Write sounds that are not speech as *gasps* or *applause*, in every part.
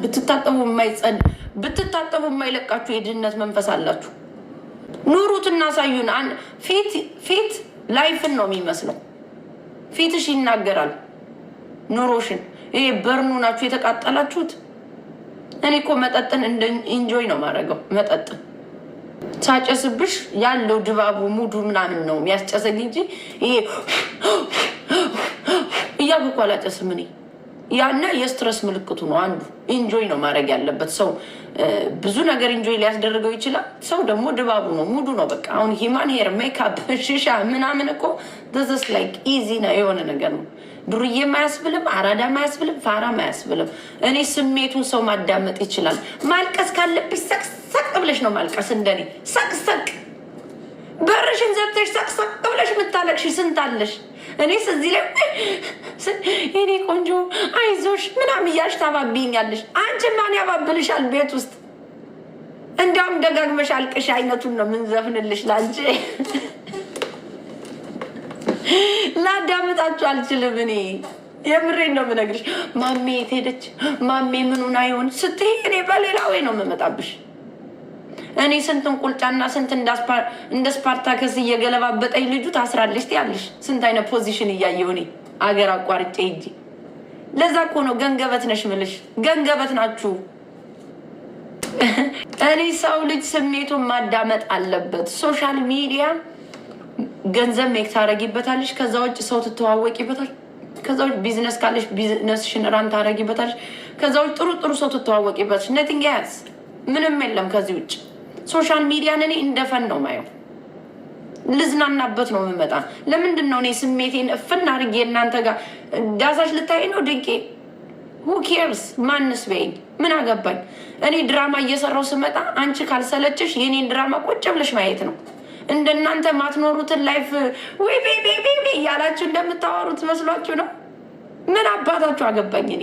ብትታጠቡ የማይጸን ብትታጠቡ የማይለቃችሁ የድህነት መንፈስ አላችሁ። ኑሩት፣ እናሳዩን። ፊት ላይፍን ነው የሚመስለው። ፊትሽ ይናገራል ኑሮሽን። ይሄ በርኑ ናችሁ የተቃጠላችሁት። እኔ እኮ መጠጥን ኢንጆይ ነው ማድረገው። መጠጥን ሳጨስብሽ ያለው ድባቡ ሙዱ ምናምን ነው የሚያስጨሰግ እንጂ ይሄ *gasps* እያልኩ እኮ አላጨስም እኔ ያነ የስትረስ ምልክቱ ነው አንዱ። ኢንጆይ ነው ማድረግ ያለበት ሰው። ብዙ ነገር ኢንጆይ ሊያስደርገው ይችላል። ሰው ደግሞ ድባቡ ነው ሙዱ ነው በቃ። አሁን ሂማን ሄር ሜካፕ፣ ሽሻ *laughs* ምናምን እኮ ዘዘስ ላይክ ኢዚ የሆነ ነገር ነው። ዱርዬ ማያስብልም፣ አራዳ ማያስብልም ፋራም አያስብልም። እኔ ስሜቱን ሰው ማዳመጥ ይችላል። ማልቀስ ካለብሽ ሰቅሰቅ ብለሽ ነው ማልቀስ። እንደኔ ሰቅሰቅ በርሽን ዘብተሽ ሳቅሳቅ ብለሽ የምታለቅሽ ስንታለሽ እኔ እዚህ ላይ እኔ ቆንጆ አይዞሽ ምናምን እያልሽ ታባብኛለሽ። አንቺ ማን ያባብልሻል? ቤት ውስጥ እንዲያውም ደጋግመሽ አልቅሽ አይነቱን ነው ምንዘፍንልሽ። ላንቺ ላዳመጣችሁ አልችልም እኔ የምሬን ነው የምነግርሽ። ማሜ የት ሄደች? ማሜ ምኑን አይሆን ስትይ እኔ በሌላ ወይ ነው የምመጣብሽ እኔ ስንትን ቁልጫና ስንት እንደ ስፓርታከስ እየገለባበጠኝ ልጁ ታስራለች ትያለሽ። ስንት አይነት ፖዚሽን እያየሁ እኔ አገር አቋርጬ ሂጅ። ለዛ እኮ ነው ገንገበት ነሽ ምልሽ። ገንገበት ናችሁ። እኔ ሰው ልጅ ስሜቱን ማዳመጥ አለበት። ሶሻል ሚዲያ ገንዘብ ሜክ ታረጊበታለሽ፣ ከዛ ውጭ ሰው ትተዋወቂበታል። ከዛ ውጭ ቢዝነስ ካለሽ ቢዝነስ ሽንራን ታረጊበታለሽ፣ ከዛ ውጭ ጥሩ ጥሩ ሰው ትተዋወቂበታለሽ። ነቲንግ ያዝ ምንም የለም ከዚህ ውጭ ሶሻል ሚዲያን እኔ እንደፈን ነው ማየው። ልዝናናበት ነው የምመጣ። ለምንድን ነው እኔ ስሜቴን እፍን አድርጌ እናንተ ጋር ዳሳሽ ልታይ ነው ድንቄ ሁኬርስ ማንስ በይኝ፣ ምን አገባኝ። እኔ ድራማ እየሰራው ስመጣ አንቺ ካልሰለችሽ የኔን ድራማ ቁጭ ብለሽ ማየት ነው። እንደናንተ ማትኖሩትን ላይፍ ወይ እያላችሁ እንደምታወሩት መስሏችሁ ነው። ምን አባታችሁ አገባኝ እኔ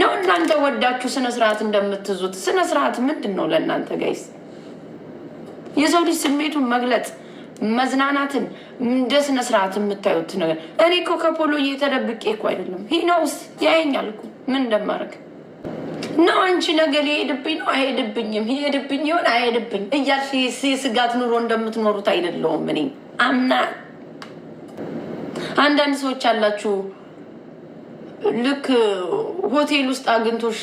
ነው እናንተ ወዳችሁ ስነስርዓት እንደምትዙት። ስነስርዓት ምንድን ነው ለእናንተ ጋይስ? የሰው ልጅ ስሜቱን መግለጽ መዝናናትን እንደ ስነ ስርዓት የምታዩት ነገር። እኔ እኮ ከፖሎ እየተደብቄ እኮ አይደለም። ሂነውስ ያየኛል እኮ ምን እንደማደርግ ነው። አንቺ ነገር የሄድብኝ ነው አይሄድብኝም፣ የሄድብኝ ይሆን አይሄድብኝ እያልሽ ስጋት ኑሮ እንደምትኖሩት አይደለውም። እኔ አምና አንዳንድ ሰዎች አላችሁ ልክ ሆቴል ውስጥ አግኝቶሽ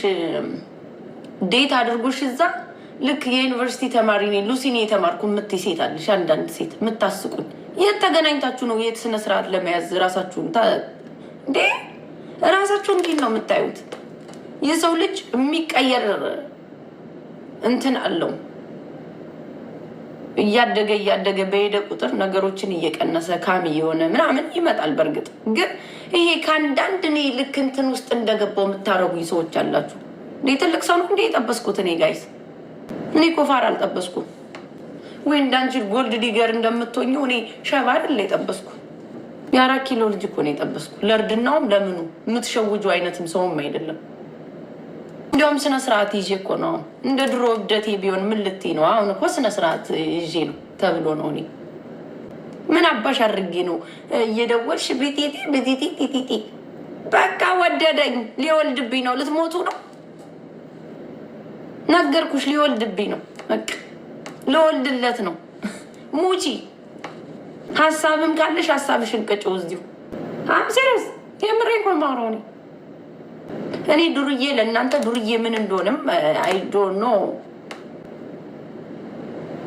ዴት አድርጎሽ እዛ ልክ የዩኒቨርሲቲ ተማሪ ነኝ ሉሲ የተማርኩ የምትይ ሴት አለሽ። አንዳንድ ሴት የምታስቁኝ የት ተገናኝታችሁ ነው የት ስነ ስርዓት ለመያዝ ራሳችሁን እንዴ ራሳችሁ እንዴት ነው የምታዩት? የሰው ልጅ የሚቀየር እንትን አለው። እያደገ እያደገ በሄደ ቁጥር ነገሮችን እየቀነሰ ካም እየሆነ ምናምን ይመጣል። በእርግጥ ግን ይሄ ከአንዳንድ እኔ ልክ እንትን ውስጥ እንደገባው የምታረጉኝ ሰዎች አላችሁ። እንዴ ትልቅ ሰው ነው እንዴ የጠበስኩት እኔ ጋይስ እኔ ኮፋር አልጠበስኩ ወይ እንዳንቺ ጎልድ ዲገር እንደምትሆኘው እኔ ሸባ አይደል የጠበስኩ። የአራት ኪሎ ልጅ እኮ ነው የጠበስኩ። ለእርድናውም ለምኑ የምትሸውጁ አይነትም ሰውም አይደለም። እንዲያውም ስነ ስርዓት ይዤ እኮ ነው። እንደ ድሮ እብደቴ ቢሆን ምን ልትይ ነው? አሁን እኮ ስነ ስርዓት ይዤ ነው ተብሎ ነው። እኔ ምን አባሽ አድርጌ ነው እየደወልሽ ቤቴቴ ቤቴቴ ቴቴቴ። በቃ ወደደኝ፣ ሊወልድብኝ ነው። ልትሞቱ ነው ነገርኩሽ፣ ሊወልድብኝ ነው። ለወልድለት ነው። ሙቺ ሀሳብም ካለሽ ሀሳብሽን ቀጭው እዚሁ። አምሴረስ የምሬ ኮን ማሮኔ እኔ ዱርዬ ለእናንተ ዱርዬ ምን እንደሆንም አይዶኖ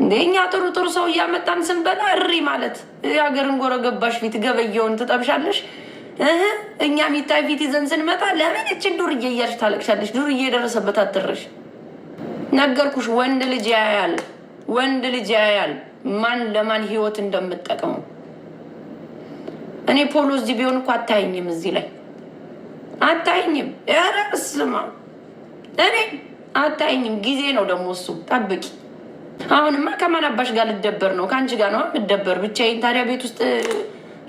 እንደ እኛ ጥሩ ጥሩ ሰው እያመጣን ስንበላ እሪ ማለት የሀገርን ገባሽ ፊት ገበየውን ትጠብሻለሽ። እኛ ሚታይ ፊት ይዘን ስንመጣ ለምን እችን ዱርዬ እያልሽ ታለቅሻለሽ? ዱርዬ የደረሰበት አትረሽ ነገርኩሽ። ወንድ ልጅ ያያል፣ ወንድ ልጅ ያያል ማን ለማን ህይወት እንደምጠቅመው። እኔ ፖሎ እዚህ ቢሆን እኮ አታይኝም፣ እዚህ ላይ አታይኝም። ኧረ እኔ አታይኝም። ጊዜ ነው ደግሞ እሱ ጠብቂ። አሁንማ ከማን አባሽ ጋር ልደበር ነው? ከአንቺ ጋር ነው የምደበር። ብቻዬን ታዲያ ቤት ውስጥ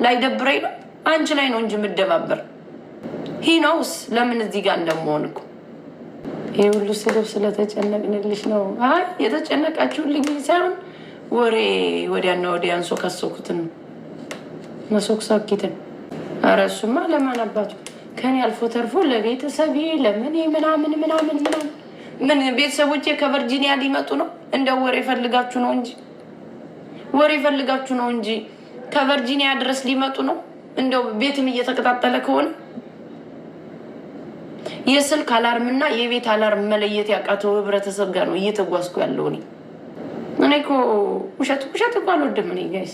ላይ ደብረኝ ነው? አንቺ ላይ ነው እንጂ የምደባበር። ሂ ነውስ ለምን እዚህ ጋር እንደመሆን እኮ ይህ ሁሉ ስድብ ስለተጨነቅንልሽ ነው። አይ የተጨነቃችሁልኝ ሳይሆን ወሬ ወዲያና ወዲያን ሶካሶኩትን መሶክሰኪትን ኧረ እሱማ ለማን አባቱ ከኔ አልፎ ተርፎ ለቤተሰብ ለምን ምናምን ምናምን ምናምን ምን ቤተሰቦቼ ከቨርጂኒያ ሊመጡ ነው። እንደ ወሬ ፈልጋችሁ ነው እንጂ ወሬ ፈልጋችሁ ነው እንጂ ከቨርጂኒያ ድረስ ሊመጡ ነው። እንደው ቤትም እየተቀጣጠለ ከሆነ የስልክ አላርም አላርምና የቤት አላርም መለየት ያቃተው ህብረተሰብ ጋር ነው እየተጓዝኩ ያለው። እኔ እኔ እኮ ውሸት ውሸት እኮ አልወድም። እኔ ጋይስ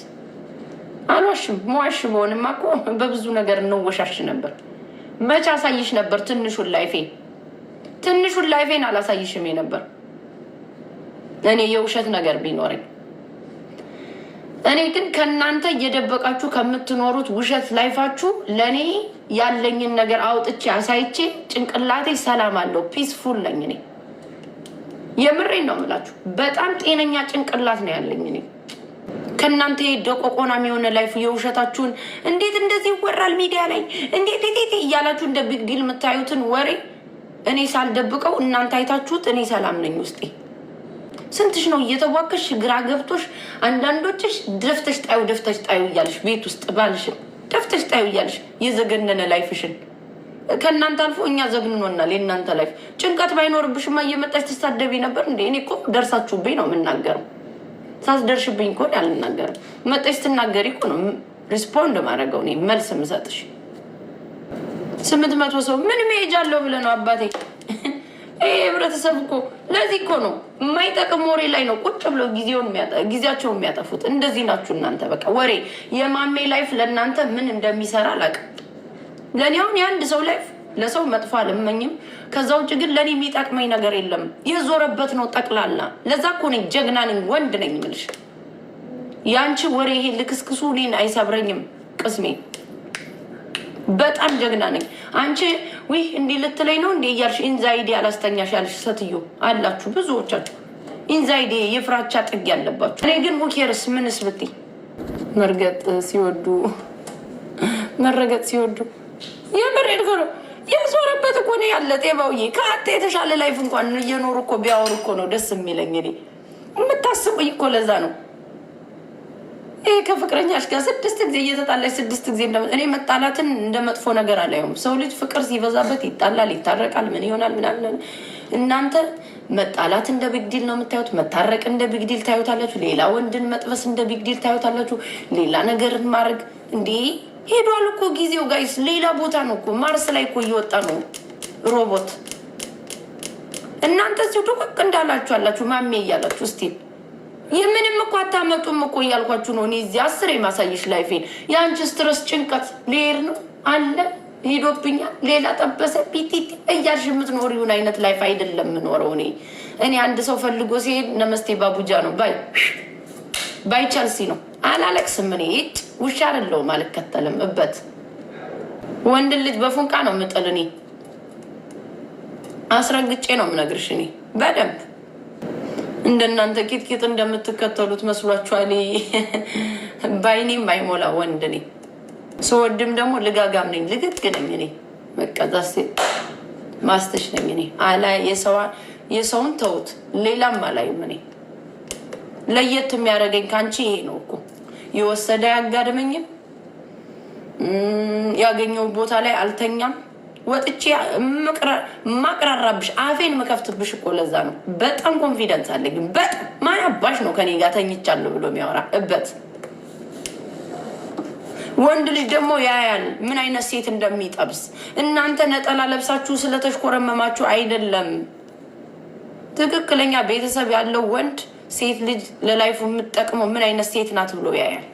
አልዋሽም። መዋሽ በሆንማ እኮ በብዙ ነገር እንወሻሽ ነበር። መቼ አሳይሽ ነበር? ትንሹን ላይፌን ትንሹን ላይፌን አላሳይሽም ነበር። እኔ የውሸት ነገር ቢኖረኝ እኔ ግን ከእናንተ እየደበቃችሁ ከምትኖሩት ውሸት ላይፋችሁ ለእኔ ያለኝን ነገር አውጥቼ አሳይቼ ጭንቅላቴ ሰላም አለው። ፒስፉል ነኝ እኔ። የምሬን ነው የምላችሁ። በጣም ጤነኛ ጭንቅላት ነው ያለኝ እኔ። ከእናንተ ደቆቆናም የሆነ ላይፍ የውሸታችሁን እንዴት እንደዚህ ይወራል ሚዲያ ላይ እንዴት እንዴት እያላችሁ እንደ ቢግ ዲል የምታዩትን ወሬ እኔ ሳልደብቀው እናንተ አይታችሁት እኔ ሰላም ነኝ ውስጤ። ስንትሽ ነው እየተዋከሽ ግራ ገብቶሽ፣ አንዳንዶችሽ ደፍተሽ ጣዩ ደፍተሽ ጣዩ እያለሽ ቤት ውስጥ ባልሽን ደፍተሽ ጣዩ እያልሽ የዘገነነ ላይፍሽን ከእናንተ አልፎ እኛ ዘግንኖናል የእናንተ ላይፍ። ጭንቀት ባይኖርብሽማ እየመጣሽ ትሳደቢ ነበር እንዴ? እኔ እኮ ደርሳችሁብኝ ነው የምናገረው። ሳትደርሽብኝ እኮ አልናገርም። መጣሽ ስትናገሪ እኮ ነው ሪስፖንድ ማድረገው መልስ የምሰጥሽ። ስምንት መቶ ሰው ምን መሄጃ አለው ብለህ ነው አባቴ ይህ ህብረተሰብ እኮ ለዚህ እኮ ነው የማይጠቅም ወሬ ላይ ነው ቁጭ ብለው ጊዜያቸውን የሚያጠፉት። እንደዚህ ናችሁ እናንተ በቃ ወሬ። የማሜ ላይፍ ለእናንተ ምን እንደሚሰራ አላውቅም። ለእኔ አሁን የአንድ ሰው ላይፍ ለሰው መጥፎ አልመኝም። ከዛ ውጭ ግን ለእኔ የሚጠቅመኝ ነገር የለም። የዞረበት ነው ጠቅላላ። ለዛ እኮ ነኝ ጀግና ነኝ ወንድ ነኝ የምልሽ። የአንቺ ወሬ ይሄ ልክስክሱ እኔን አይሰብረኝም ቅስሜ በጣም ጀግና ነኝ። አንቺ ዊህ እንዲህ ልትለኝ ነው እንዲህ እያልሽ ኢንዛይዲ አላስተኛሽ ያልሽ ሴትዮ አላችሁ ብዙዎቻችሁ። ኢንዛይዲ የፍራቻ ጥግ ያለባችሁ። እኔ ግን ሙኬርስ ምንስ ብትይ መርገጥ ሲወዱ መረገጥ ሲወዱ የምሬ ነገር የዞረበት እኮ ነው ያለ ጤባውዬ ከአንተ የተሻለ ላይፍ እንኳን እየኖሩ እኮ ቢያወሩ እኮ ነው ደስ የሚለኝ። እኔ የምታስበኝ እኮ ለዛ ነው። ይሄ ከፍቅረኛሽ ጋር ስድስት ጊዜ እየተጣላች ስድስት ጊዜ እኔ መጣላትን እንደ መጥፎ ነገር አላየሁም። ሰው ልጅ ፍቅር ሲበዛበት ይጣላል፣ ይታረቃል፣ ምን ይሆናል ምናምን። እናንተ መጣላት እንደ ቢግዲል ነው የምታዩት፣ መታረቅ እንደ ቢግዲል ታዩታላችሁ፣ ሌላ ወንድን መጥበስ እንደ ቢግዲል ታዩታላችሁ፣ ሌላ ነገርን ማድረግ እንዴ ሄዷል እኮ ጊዜው ጋይስ፣ ሌላ ቦታ ነው እኮ ማርስ ላይ እኮ እየወጣ ነው ሮቦት። እናንተ ሲሁ ዱቅቅ እንዳላችሁ አላችሁ ማሜ እያላችሁ ስቲል የምንም እኮ አታመጡም እኮ እያልኳችሁ ነው። እኔ እዚህ አስር የማሳየሽ ላይፌን የአንቺ ስትረስ ጭንቀት ሌር ነው አለ ሄዶብኛል፣ ሌላ ጠበሰ ፒቲቲ እያልሽ የምትኖሪውን አይነት ላይፍ አይደለም የምኖረው እኔ እኔ አንድ ሰው ፈልጎ ሲሄድ ነመስቴ ባቡጃ ነው ባይ ባይ ቸልሲ ነው አላለቅስም። እኔ ሂድ ውሻ አይደለሁም አልከተልም እበት ወንድ ልጅ በፉንቃ ነው የምጥል እኔ አስረግጬ ነው የምነግርሽ እኔ በደንብ እንደናንተ ጌጥጌጥ እንደምትከተሉት መስሏችኋል። ባይኔም አይሞላ ወንድ ነኝ፣ ስወድም ደግሞ ልጋጋም ነኝ፣ ልግግ ነኝ። እኔ መቀዛሴ ማስተሽ ነኝ። እኔ አላ የሰውን ተውት፣ ሌላም አላይም። እኔ ለየት የሚያደርገኝ ከአንቺ ይሄ ነው እኮ የወሰደ አያጋድመኝም። ያገኘው ቦታ ላይ አልተኛም። ወጥቼ ማቅራራብሽ አፌን መከፍትብሽ እኮ ለዛ ነው። በጣም ኮንፊደንስ አለ። ግን በጣም ማን አባሽ ነው ከኔ ጋር ተኝቻለሁ ብሎ የሚያወራ እበት ወንድ ልጅ ደግሞ ያያል ምን አይነት ሴት እንደሚጠብስ። እናንተ ነጠላ ለብሳችሁ ስለተሽኮረመማችሁ አይደለም። ትክክለኛ ቤተሰብ ያለው ወንድ ሴት ልጅ ለላይፉ የምትጠቅመው ምን አይነት ሴት ናት ብሎ ያያል።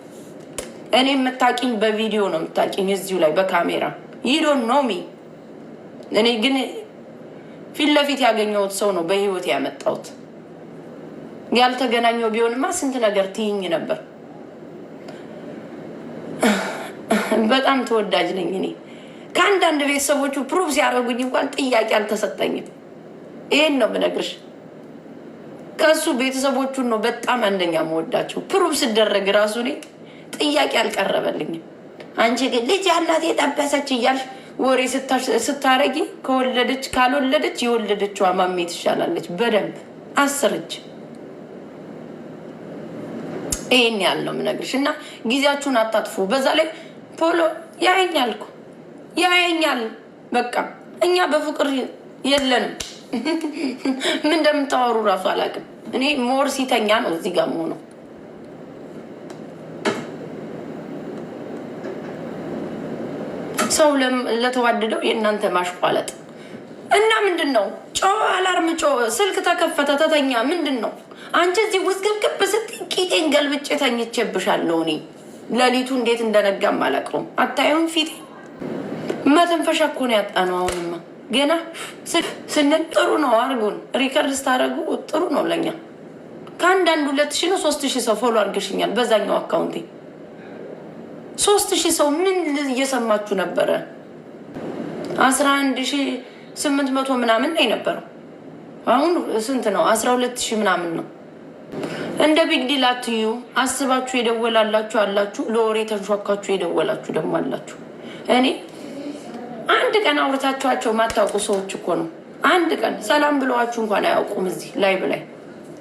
እኔ የምታቂኝ በቪዲዮ ነው የምታቂኝ፣ እዚሁ ላይ በካሜራ ይዶን ኖሚ እኔ ግን ፊት ለፊት ያገኘሁት ሰው ነው በህይወት ያመጣሁት። ያልተገናኘው ቢሆንማ ስንት ነገር ትይኝ ነበር። በጣም ተወዳጅ ነኝ እኔ። ከአንዳንድ ቤተሰቦቹ ፕሩፍ ሲያደርጉኝ እንኳን ጥያቄ አልተሰጠኝም። ይሄን ነው የምነግርሽ። ከእሱ ቤተሰቦቹን ነው በጣም አንደኛ መወዳቸው። ፕሩፍ ስደረግ ራሱ እኔ ጥያቄ አልቀረበልኝም። አንቺ ግን ልጅ ያናት የጠበሰች እያልሽ ወሬ ስታረጊ ከወለደች ካልወለደች የወለደችዋ ማሜ ትሻላለች። በደንብ አስርጅ ይህን ያህል ነው የምነግርሽ። እና ጊዜያችሁን አታጥፉ። በዛ ላይ ፖሎ ያየኛል እኮ ያየኛል። በቃ እኛ በፍቅር የለንም። ምን እንደምታወሩ እራሱ አላውቅም። እኔ ሞር ሲተኛ ነው እዚህ ጋር መሆነው ሰው ለተዋደደው የእናንተ ማሽቋለጥ እና ምንድን ነው? ጮ አላርም ጮ ስልክ ተከፈተ፣ ተተኛ። ምንድን ነው አንቺ እዚህ ውስጥ ግብግብ ስትይ ቂጤን ገልብጬ ተኝቼብሻለሁ። እኔ ሌሊቱ እንዴት እንደነጋም አላውቅም። አታየውም ፊቴ መተንፈሻ እኮ ነው ያጣነው። አሁንማ ገና ስንል ጥሩ ነው አርጉን፣ ሪከርድ ስታደርጉ ጥሩ ነው ለኛ። ከአንዳንድ ሁለት ሺ ነው ሶስት ሺ ሰው ፎሎ አድርገሽኛል በዛኛው አካውንቴ ሶስት ሺህ ሰው ምን እየሰማችሁ ነበረ? አስራ አንድ ሺህ ስምንት መቶ ምናምን ነው የነበረው። አሁን ስንት ነው? አስራ ሁለት ሺህ ምናምን ነው። እንደ ቢግዲላትዩ አስባችሁ የደወላላችሁ አላችሁ፣ ለወሬ ተንሿካችሁ የደወላችሁ ደግሞ አላችሁ። እኔ አንድ ቀን አውርታችኋቸው ማታውቁ ሰዎች እኮ ነው። አንድ ቀን ሰላም ብለዋችሁ እንኳን አያውቁም። እዚህ ላይ ብላይ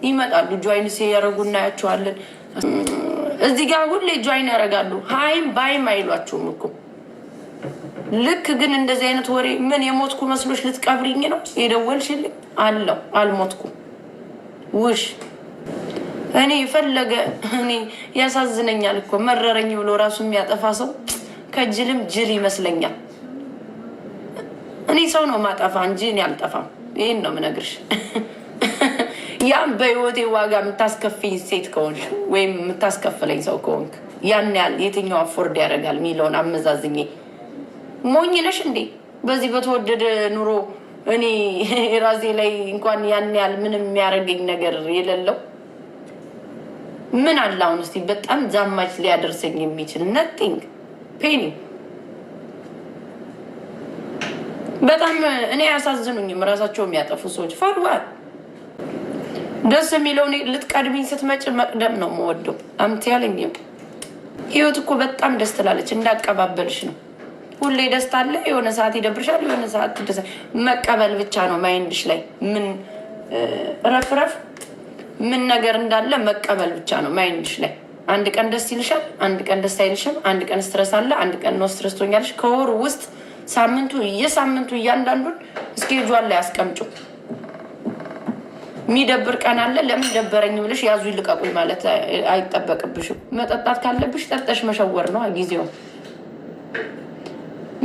ይመጣሉ፣ ጆይንስ እያደረጉ እናያቸዋለን። እዚህ ጋር ሁሌ ጆይን ያደርጋሉ። ሀይም ባይም አይሏቸውም እኮ ልክ ግን እንደዚህ አይነት ወሬ ምን የሞትኩ መስሎች ልትቀብሪኝ ነው የደወልሽልኝ? አለው አልሞትኩ ውሽ እኔ የፈለገ እኔ ያሳዝነኛል እኮ መረረኝ ብሎ ራሱ የሚያጠፋ ሰው ከጅልም ጅል ይመስለኛል። እኔ ሰው ነው ማጠፋ እንጂ እኔ አልጠፋም። ይህን ነው ምነግርሽ። *laughs* ያን በህይወቴ ዋጋ የምታስከፍኝ ሴት ከሆንሽ ወይም የምታስከፍለኝ ሰው ከሆንክ ያን ያህል የትኛው አፎርድ ያደርጋል የሚለውን አመዛዝኜ ሞኝ ነሽ እንዴ? በዚህ በተወደደ ኑሮ እኔ *laughs* ራሴ ላይ እንኳን ያን ያህል ምንም የሚያደርገኝ ነገር የሌለው ምን አለ አሁን? እስኪ በጣም ዛማች ሊያደርሰኝ የሚችል ነቲንግ ፔኒ በጣም እኔ አያሳዝኑኝም። ራሳቸው የሚያጠፉ ሰዎች ፈርዋል ደስ የሚለውን ልትቀድሚኝ ስትመጭ መቅደም ነው የምወደው። አምት ያለኝ ህይወት እኮ በጣም ደስ ትላለች። እንዳቀባበልሽ ነው ሁሌ ደስታ አለ። የሆነ ሰዓት ይደብርሻል፣ የሆነ ሰዓት ደስ መቀበል ብቻ ነው ማይንድሽ ላይ ምን ረፍረፍ ምን ነገር እንዳለ መቀበል ብቻ ነው ማይንድሽ ላይ። አንድ ቀን ደስ ይልሻል፣ አንድ ቀን ደስ አይልሽም። አንድ ቀን ስትረስ አለ፣ አንድ ቀን ነው ስትረስ ትሆኛለሽ። ከወሩ ውስጥ ሳምንቱ የሳምንቱ እያንዳንዱን እስኬጁን ላይ አስቀምጪው። የሚደብር ቀን አለ። ለምን ደበረኝ ብለሽ ያዙ ይልቀቁኝ ማለት አይጠበቅብሽም። መጠጣት ካለብሽ ጠጠሽ መሸወር ነው ጊዜው።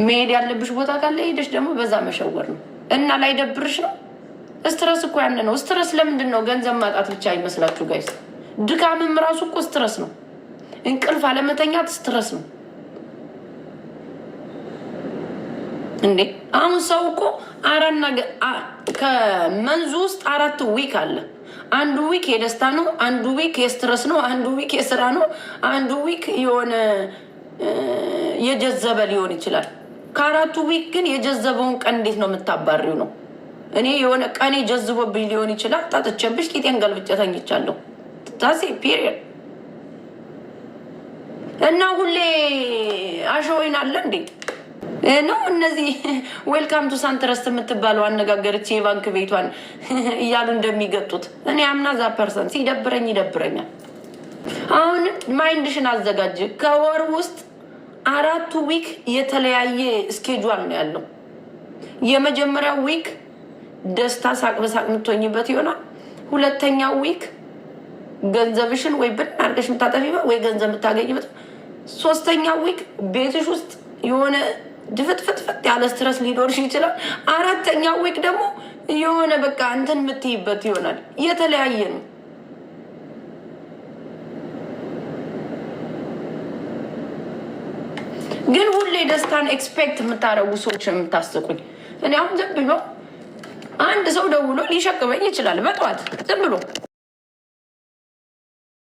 መሄድ ያለብሽ ቦታ ካለ ሄደሽ ደግሞ በዛ መሸወር ነው እና ላይደብርሽ ነው። ስትረስ እኮ ያን ነው ስትረስ። ለምንድን ነው ገንዘብ ማጣት ብቻ አይመስላችሁ ጋይስ? ድካምም ራሱ እኮ ስትረስ ነው። እንቅልፍ አለመተኛት ስትረስ ነው። እንዴ አሁን ሰው እኮ አራት ነገር ከመንዙ ውስጥ አራት ዊክ አለ። አንዱ ዊክ የደስታ ነው፣ አንዱ ዊክ የስትረስ ነው፣ አንዱ ዊክ የስራ ነው፣ አንዱ ዊክ የሆነ የጀዘበ ሊሆን ይችላል። ከአራቱ ዊክ ግን የጀዘበውን ቀን እንዴት ነው የምታባሪው ነው። እኔ የሆነ ቀኔ ጀዝቦብኝ ሊሆን ይችላል። ጣጥቼብሽ ቂጤን ገልብጬ ተኝቻለሁ። ታሴ ፔሪየድ እና ሁሌ አሸወይን አለ እንዴ ነው እነዚህ ዌልካም ቱ ሳንትረስት የምትባለው አነጋገርች የባንክ ቤቷን *laughs* እያሉ እንደሚገጡት እኔ አምና ዛ ፐርሰን ሲደብረኝ ይደብረኛል። አሁን ማይንድሽን አዘጋጅ። ከወር ውስጥ አራቱ ዊክ የተለያየ እስኬጁል ነው ያለው። የመጀመሪያው ዊክ ደስታ ሳቅ በሳቅ የምትሆኝበት ይሆናል። ሁለተኛው ዊክ ገንዘብሽን ወይ ብን አድርገሽ የምታጠፊበት ወይ ገንዘብ የምታገኝበት። ሶስተኛው ዊክ ቤትሽ ውስጥ የሆነ ድፍጥፍጥፍጥ ያለ ስትረስ ሊኖርሽ ይችላል። አራተኛ ዊክ ደግሞ የሆነ በቃ እንትን የምትይበት ይሆናል። የተለያየ ነው። ግን ሁሌ ደስታን ኤክስፔክት የምታደርጉ ሰዎች የምታስቁኝ። እኔ አሁን ዝም ብሎ አንድ ሰው ደውሎ ሊሸቅበኝ ይችላል በጠዋት ዝም ብሎ